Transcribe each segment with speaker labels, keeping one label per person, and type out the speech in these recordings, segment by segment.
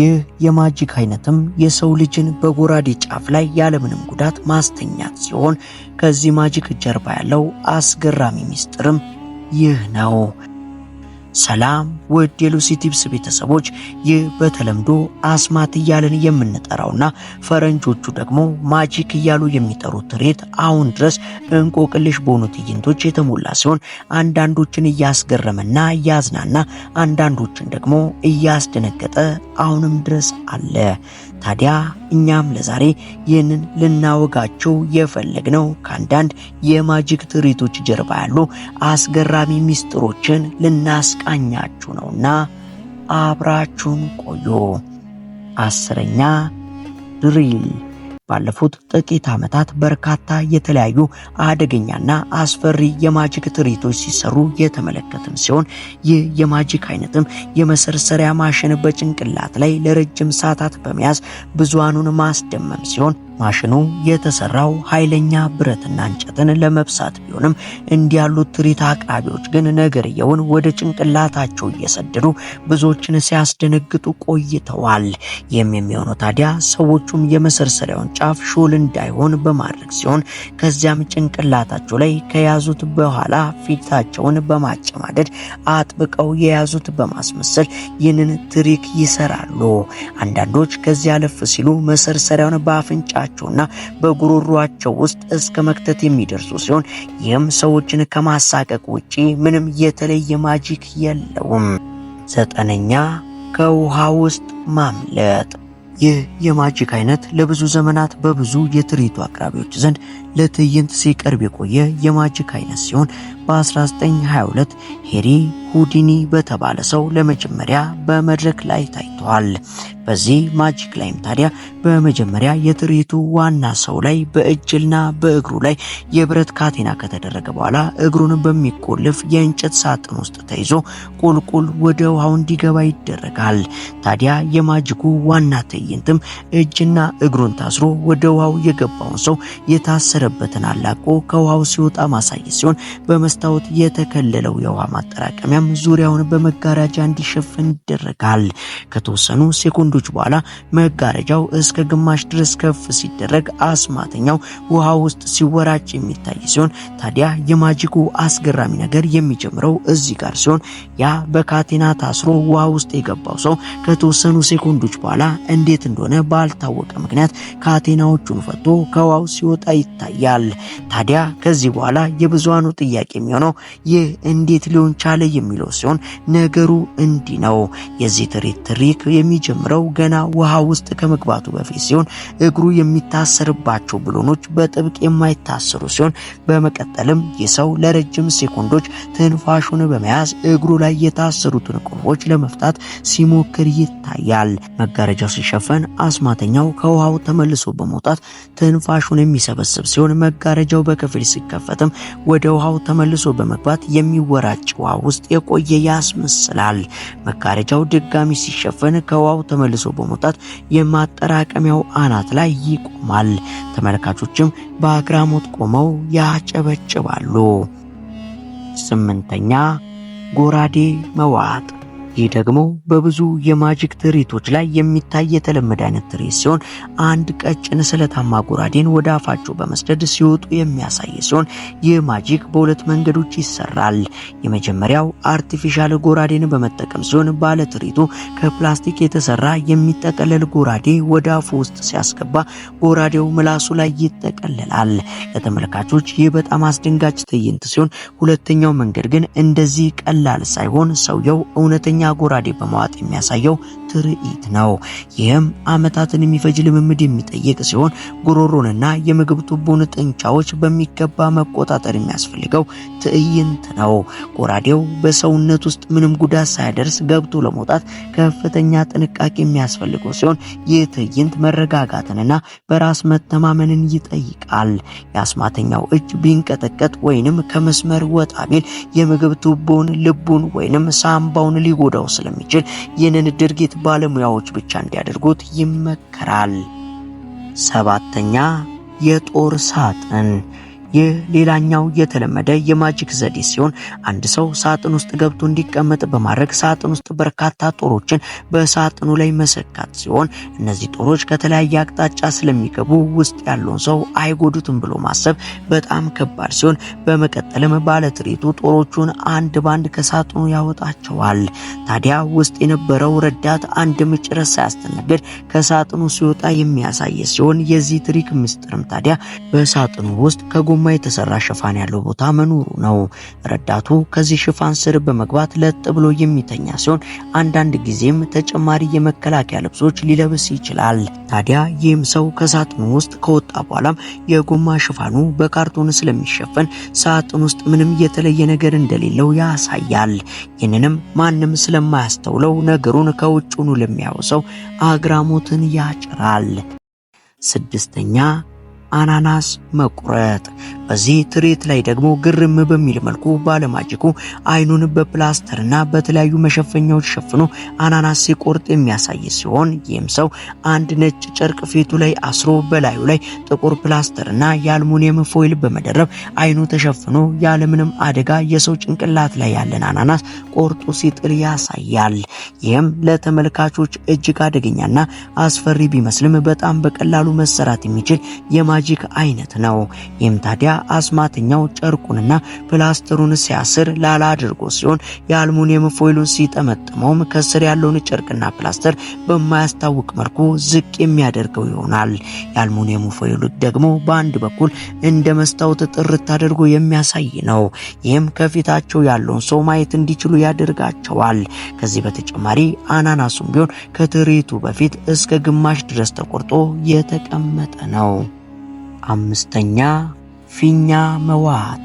Speaker 1: ይህ የማጂክ አይነትም የሰው ልጅን በጎራዴ ጫፍ ላይ ያለምንም ጉዳት ማስተኛት ሲሆን ከዚህ ማጂክ ጀርባ ያለው አስገራሚ ሚስጥርም ይህ ነው። ሰላም ውድ የሉሲ ቲፕስ ቤተሰቦች፣ ይህ በተለምዶ አስማት እያለን የምንጠራውና ፈረንጆቹ ደግሞ ማጂክ እያሉ የሚጠሩት ትርኢት አሁን ድረስ እንቆቅልሽ በሆኑ ትዕይንቶች የተሞላ ሲሆን አንዳንዶችን እያስገረመና እያዝናና፣ አንዳንዶችን ደግሞ እያስደነገጠ አሁንም ድረስ አለ። ታዲያ እኛም ለዛሬ ይህንን ልናወጋቸው የፈለግነው ከአንዳንድ የማጂክ ትርኢቶች ጀርባ ያሉ አስገራሚ ሚስጥሮችን ልናስ ቃኛችሁ ነውና አብራችሁን ቆዩ። አስረኛ ድሪል ባለፉት ጥቂት ዓመታት በርካታ የተለያዩ አደገኛና አስፈሪ የማጂክ ትርኢቶች ሲሰሩ የተመለከትን ሲሆን ይህ የማጂክ አይነትም የመሰርሰሪያ ማሽን በጭንቅላት ላይ ለረጅም ሰዓታት በመያዝ ብዙሃኑን ማስደመም ሲሆን ማሽኑ የተሰራው ኃይለኛ ብረትና እንጨትን ለመብሳት ቢሆንም እንዲያሉት ትርኢት አቅራቢዎች ግን ነገርየውን ወደ ጭንቅላታቸው እየሰደዱ ብዙዎችን ሲያስደነግጡ ቆይተዋል። ይህም የሚሆነው ታዲያ ሰዎቹም የመሰርሰሪያውን ጫፍ ሾል እንዳይሆን በማድረግ ሲሆን ከዚያም ጭንቅላታቸው ላይ ከያዙት በኋላ ፊታቸውን በማጨማደድ አጥብቀው የያዙት በማስመሰል ይህንን ትሪክ ይሰራሉ። አንዳንዶች ከዚያ አለፍ ሲሉ መሰርሰሪያውን በአፍንጫ በሆዳቸውና በጉሮሯቸው ውስጥ እስከ መክተት የሚደርሱ ሲሆን ይህም ሰዎችን ከማሳቀቅ ውጪ ምንም የተለየ ማጂክ የለውም። ዘጠነኛ ከውሃ ውስጥ ማምለጥ። ይህ የማጂክ አይነት ለብዙ ዘመናት በብዙ የትርኢቱ አቅራቢዎች ዘንድ ለትዕይንት ሲቀርብ የቆየ የማጂክ አይነት ሲሆን በ1922 ሄሪ ሁዲኒ በተባለ ሰው ለመጀመሪያ በመድረክ ላይ ታይቷል። በዚህ ማጂክ ላይም ታዲያ በመጀመሪያ የትርኢቱ ዋና ሰው ላይ በእጅና በእግሩ ላይ የብረት ካቴና ከተደረገ በኋላ እግሩን በሚቆልፍ የእንጨት ሳጥን ውስጥ ተይዞ ቁልቁል ወደ ውሃው እንዲገባ ይደረጋል። ታዲያ የማጅኩ ዋና ትዕይንትም እጅና እግሩን ታስሮ ወደ ውሃው የገባውን ሰው የታሰረ የነበረበትን አላቆ ከውሃው ሲወጣ ማሳየት ሲሆን በመስታወት የተከለለው የውሃ ማጠራቀሚያም ዙሪያውን በመጋረጃ እንዲሸፍን ይደረጋል። ከተወሰኑ ሴኮንዶች በኋላ መጋረጃው እስከ ግማሽ ድረስ ከፍ ሲደረግ አስማተኛው ውሃ ውስጥ ሲወራጭ የሚታይ ሲሆን ታዲያ የማጂኩ አስገራሚ ነገር የሚጀምረው እዚህ ጋር ሲሆን ያ በካቴና ታስሮ ውሃ ውስጥ የገባው ሰው ከተወሰኑ ሴኮንዶች በኋላ እንዴት እንደሆነ ባልታወቀ ምክንያት ካቴናዎቹን ፈቶ ከውሃው ሲወጣ ይታያል። ይታያል። ታዲያ ከዚህ በኋላ የብዙሃኑ ጥያቄ የሚሆነው ይህ እንዴት ሊሆን ቻለ የሚለው ሲሆን ነገሩ እንዲህ ነው። የዚህ ትርኢት ትሪክ የሚጀምረው ገና ውሃ ውስጥ ከመግባቱ በፊት ሲሆን እግሩ የሚታሰርባቸው ብሎኖች በጥብቅ የማይታሰሩ ሲሆን በመቀጠልም የሰው ለረጅም ሴኮንዶች ትንፋሹን በመያዝ እግሩ ላይ የታሰሩትን ቁልፎች ለመፍታት ሲሞክር ይታያል። መጋረጃው ሲሸፈን አስማተኛው ከውሃው ተመልሶ በመውጣት ትንፋሹን የሚሰበስብ ሲሆን ሲሆን መጋረጃው በከፊል ሲከፈትም ወደ ውሃው ተመልሶ በመግባት የሚወራጭ ውሃ ውስጥ የቆየ ያስመስላል። መጋረጃው ድጋሚ ሲሸፈን ከውሃው ተመልሶ በመውጣት የማጠራቀሚያው አናት ላይ ይቆማል። ተመልካቾችም በአግራሞት ቆመው ያጨበጭባሉ። ስምንተኛ ጎራዴ መዋጥ ይህ ደግሞ በብዙ የማጂክ ትርኢቶች ላይ የሚታይ የተለመደ አይነት ትርኢት ሲሆን አንድ ቀጭን ስለታማ ጎራዴን ወደ አፋቸው በመስደድ ሲወጡ የሚያሳይ ሲሆን ይህ ማጂክ በሁለት መንገዶች ይሰራል። የመጀመሪያው አርቲፊሻል ጎራዴን በመጠቀም ሲሆን ባለ ትርኢቱ ከፕላስቲክ የተሰራ የሚጠቀለል ጎራዴ ወደ አፉ ውስጥ ሲያስገባ ጎራዴው ምላሱ ላይ ይጠቀለላል። ለተመልካቾች ይህ በጣም አስደንጋጭ ትዕይንት ሲሆን፣ ሁለተኛው መንገድ ግን እንደዚህ ቀላል ሳይሆን ሰውየው እውነተኛ ጎራዴ በመዋጥ የሚያሳየው ትርኢት ነው። ይህም ዓመታትን የሚፈጅ ልምምድ የሚጠይቅ ሲሆን ጉሮሮንና የምግብ ቱቦን ጥንቻዎች በሚገባ መቆጣጠር የሚያስፈልገው ትዕይንት ነው። ጎራዴው በሰውነት ውስጥ ምንም ጉዳት ሳያደርስ ገብቶ ለመውጣት ከፍተኛ ጥንቃቄ የሚያስፈልገው ሲሆን ይህ ትዕይንት መረጋጋትንና በራስ መተማመንን ይጠይቃል። የአስማተኛው እጅ ቢንቀጠቀጥ ወይንም ከመስመር ወጣ ቢል የምግብ ቱቦን ልቡን ወይንም ሳምባውን ሊጎዳው ስለሚችል ይህንን ድርጊት ባለሙያዎች ብቻ እንዲያደርጉት ይመከራል። ሰባተኛ የጦር ሳጥን ይህ ሌላኛው የተለመደ የማጂክ ዘዴ ሲሆን አንድ ሰው ሳጥን ውስጥ ገብቶ እንዲቀመጥ በማድረግ ሳጥን ውስጥ በርካታ ጦሮችን በሳጥኑ ላይ መሰካት ሲሆን እነዚህ ጦሮች ከተለያየ አቅጣጫ ስለሚገቡ ውስጥ ያለውን ሰው አይጎዱትም ብሎ ማሰብ በጣም ከባድ ሲሆን በመቀጠልም ባለትርኢቱ ጦሮቹን አንድ ባንድ ከሳጥኑ ያወጣቸዋል። ታዲያ ውስጥ የነበረው ረዳት አንድም ጭረት ሳያስተናግድ ከሳጥኑ ሲወጣ የሚያሳይ ሲሆን የዚህ ትሪክ ምስጢርም ታዲያ በሳጥኑ ውስጥ ከጎ ጎማ የተሰራ ሽፋን ያለው ቦታ መኖሩ ነው። ረዳቱ ከዚህ ሽፋን ስር በመግባት ለጥ ብሎ የሚተኛ ሲሆን አንዳንድ ጊዜም ተጨማሪ የመከላከያ ልብሶች ሊለብስ ይችላል። ታዲያ ይህም ሰው ከሳጥኑ ውስጥ ከወጣ በኋላም የጎማ ሽፋኑ በካርቶን ስለሚሸፈን ሳጥን ውስጥ ምንም የተለየ ነገር እንደሌለው ያሳያል። ይህንንም ማንም ስለማያስተውለው ነገሩን ከውጭ ሆኖ ለሚያወሰው አግራሞትን ያጭራል። ስድስተኛ አናናስ መቁረጥ በዚህ ትርኢት ላይ ደግሞ ግርም በሚል መልኩ ባለማጂኩ አይኑን በፕላስተርና በተለያዩ መሸፈኛዎች ሸፍኖ አናናስ ሲቆርጥ የሚያሳይ ሲሆን ይህም ሰው አንድ ነጭ ጨርቅ ፊቱ ላይ አስሮ በላዩ ላይ ጥቁር ፕላስተርና የአልሙኒየም ፎይል በመደረብ አይኑ ተሸፍኖ ያለምንም አደጋ የሰው ጭንቅላት ላይ ያለን አናናስ ቆርጦ ሲጥል ያሳያል። ይህም ለተመልካቾች እጅግ አደገኛና አስፈሪ ቢመስልም በጣም በቀላሉ መሰራት የሚችል የማጂክ አይነት ነው። ይህም ታዲያ አስማተኛው ጨርቁንና ፕላስተሩን ሲያስር ላላ አድርጎ ሲሆን የአልሙኒየም ፎይሉን ሲጠመጥመውም ከስር ያለውን ጨርቅና ፕላስተር በማያስታውቅ መልኩ ዝቅ የሚያደርገው ይሆናል። የአልሙኒየሙ ፎይሉ ደግሞ በአንድ በኩል እንደ መስታወት ጥርት አድርጎ የሚያሳይ ነው። ይህም ከፊታቸው ያለውን ሰው ማየት እንዲችሉ ያደርጋቸዋል። ከዚህ በተጨማሪ አናናሱም ቢሆን ከትርኢቱ በፊት እስከ ግማሽ ድረስ ተቆርጦ የተቀመጠ ነው። አምስተኛ ፊኛ መዋጥ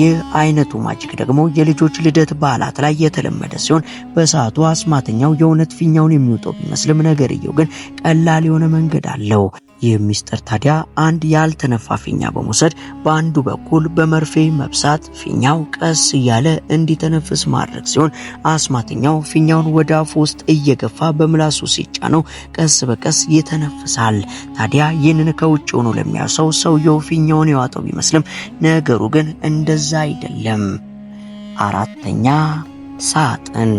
Speaker 1: ይህ አይነቱ ማጅክ ደግሞ የልጆች ልደት በዓላት ላይ የተለመደ ሲሆን በሰዓቱ አስማተኛው የእውነት ፊኛውን የሚውጠው ቢመስልም ነገርየው ግን ቀላል የሆነ መንገድ አለው። ይህ ሚስጥር ታዲያ አንድ ያልተነፋ ፊኛ በመውሰድ በአንዱ በኩል በመርፌ መብሳት ፊኛው ቀስ እያለ እንዲተነፍስ ማድረግ ሲሆን አስማተኛው ፊኛውን ወደ አፉ ውስጥ እየገፋ በምላሱ ሲጫነው ቀስ በቀስ ይተነፍሳል። ታዲያ ይህንን ከውጭ ሆኖ ለሚያዩ ሰው ሰውየው ፊኛውን የዋጠው ቢመስልም ነገሩ ግን እንደዛ አይደለም። አራተኛ ሳጥን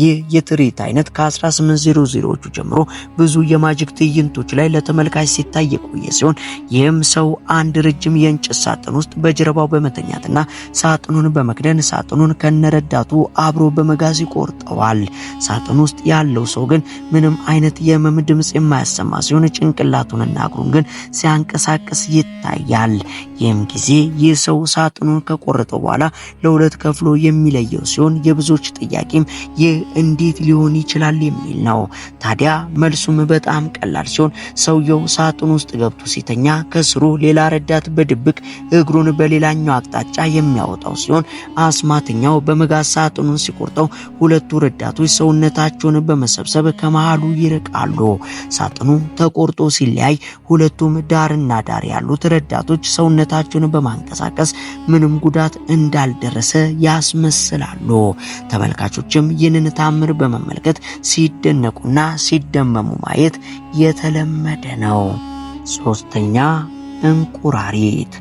Speaker 1: ይህ የትርኢት አይነት ከ1800ዎቹ ጀምሮ ብዙ የማጅክ ትዕይንቶች ላይ ለተመልካች ሲታይ የቆየ ሲሆን ይህም ሰው አንድ ረጅም የእንጨት ሳጥን ውስጥ በጀርባው በመተኛትና ሳጥኑን በመክደን ሳጥኑን ከነረዳቱ አብሮ በመጋዝ ይቆርጠዋል። ሳጥን ውስጥ ያለው ሰው ግን ምንም አይነት የህመም ድምፅ የማያሰማ ሲሆን ጭንቅላቱንና እግሩን ግን ሲያንቀሳቅስ ይታያል። ይህም ጊዜ ይህ ሰው ሳጥኑን ከቆረጠው በኋላ ለሁለት ከፍሎ የሚለየው ሲሆን የብዙዎች ጥያቄም ይህ እንዴት ሊሆን ይችላል የሚል ነው። ታዲያ መልሱም በጣም ቀላል ሲሆን ሰውየው ሳጥን ውስጥ ገብቶ ሲተኛ ከስሩ ሌላ ረዳት በድብቅ እግሩን በሌላኛው አቅጣጫ የሚያወጣው ሲሆን አስማተኛው በመጋዝ ሳጥኑን ሲቆርጠው ሁለቱ ረዳቶች ሰውነታቸውን በመሰብሰብ ከመሃሉ ይርቃሉ። ሳጥኑ ተቆርጦ ሲለያይ ሁለቱም ዳርና ዳር ያሉት ረዳቶች ሰውነታቸውን በማንቀሳቀስ ምንም ጉዳት እንዳልደረሰ ያስመስላሉ። ተመልካቾችም ይህንን ታምር በመመልከት ሲደነቁና ሲደመሙ ማየት የተለመደ ነው። ሶስተኛ እንቁራሪት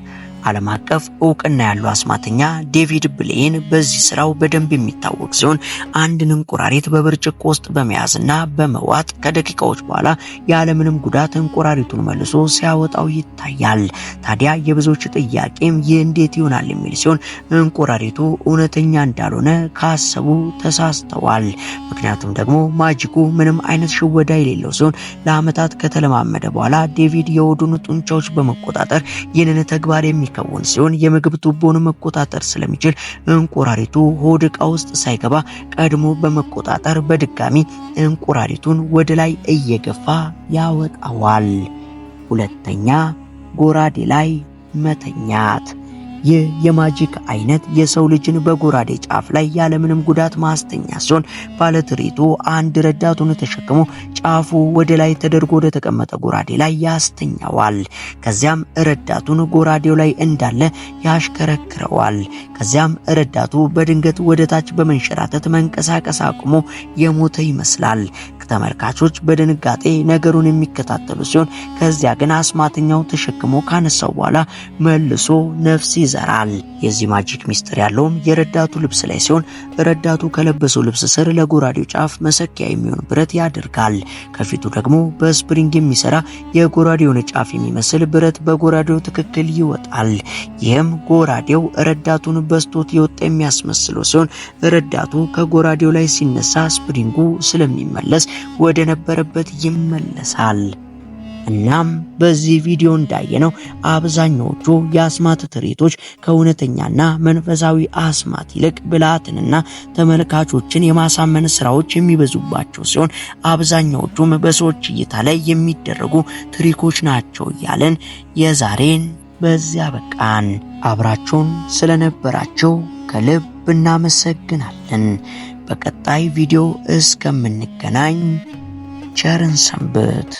Speaker 1: ዓለም አቀፍ እውቅና ያለው አስማተኛ ዴቪድ ብሌን በዚህ ስራው በደንብ የሚታወቅ ሲሆን አንድን እንቁራሪት በብርጭቆ ውስጥ በመያዝና በመዋጥ ከደቂቃዎች በኋላ ያለምንም ጉዳት እንቁራሪቱን መልሶ ሲያወጣው ይታያል። ታዲያ የብዙዎች ጥያቄም ይህ እንዴት ይሆናል የሚል ሲሆን እንቁራሪቱ እውነተኛ እንዳልሆነ ካሰቡ ተሳስተዋል። ምክንያቱም ደግሞ ማጂኩ ምንም አይነት ሽወዳ የሌለው ሲሆን ለዓመታት ከተለማመደ በኋላ ዴቪድ የወዱን ጡንቻዎች በመቆጣጠር ይህንን ተግባር የሚ የሚከውን ሲሆን የምግብ ቱቦን መቆጣጠር ስለሚችል እንቁራሪቱ ሆድ ዕቃ ውስጥ ሳይገባ ቀድሞ በመቆጣጠር በድጋሚ እንቁራሪቱን ወደ ላይ እየገፋ ያወጣዋል። ሁለተኛ ጎራዴ ላይ መተኛት ይህ የማጂክ አይነት የሰው ልጅን በጎራዴ ጫፍ ላይ ያለምንም ጉዳት ማስተኛ ሲሆን ባለትርኢቱ አንድ ረዳቱን ተሸክሞ ጫፉ ወደ ላይ ተደርጎ ወደ ተቀመጠ ጎራዴ ላይ ያስተኛዋል። ከዚያም ረዳቱን ጎራዴው ላይ እንዳለ ያሽከረክረዋል። ከዚያም ረዳቱ በድንገት ወደ ታች በመንሸራተት መንቀሳቀስ አቁሞ የሞተ ይመስላል። ተመልካቾች በድንጋጤ ነገሩን የሚከታተሉ ሲሆን ከዚያ ግን አስማተኛው ተሸክሞ ካነሳው በኋላ መልሶ ነፍስ ይዘራል። የዚህ ማጂክ ሚስጥር ያለውም የረዳቱ ልብስ ላይ ሲሆን ረዳቱ ከለበሰው ልብስ ስር ለጎራዴው ጫፍ መሰኪያ የሚሆን ብረት ያደርጋል። ከፊቱ ደግሞ በስፕሪንግ የሚሰራ የጎራዴውን ጫፍ የሚመስል ብረት በጎራዴው ትክክል ይወጣል። ይህም ጎራዴው ረዳቱን በስቶት የወጣ የሚያስመስለው ሲሆን ረዳቱ ከጎራዴው ላይ ሲነሳ ስፕሪንጉ ስለሚመለስ ወደ ነበረበት ይመለሳል። እናም በዚህ ቪዲዮ እንዳየነው አብዛኛዎቹ የአስማት ትርኢቶች ከእውነተኛና መንፈሳዊ አስማት ይልቅ ብልሃትንና ተመልካቾችን የማሳመን ስራዎች የሚበዙባቸው ሲሆን አብዛኛዎቹም በሰዎች እይታ ላይ የሚደረጉ ትሪኮች ናቸው ያለን የዛሬን በዚያ በቃን። አብራችሁን ስለነበራችሁ ከልብ እናመሰግናለን። በቀጣይ ቪዲዮ እስከምንገናኝ ቸርን ሰንብት።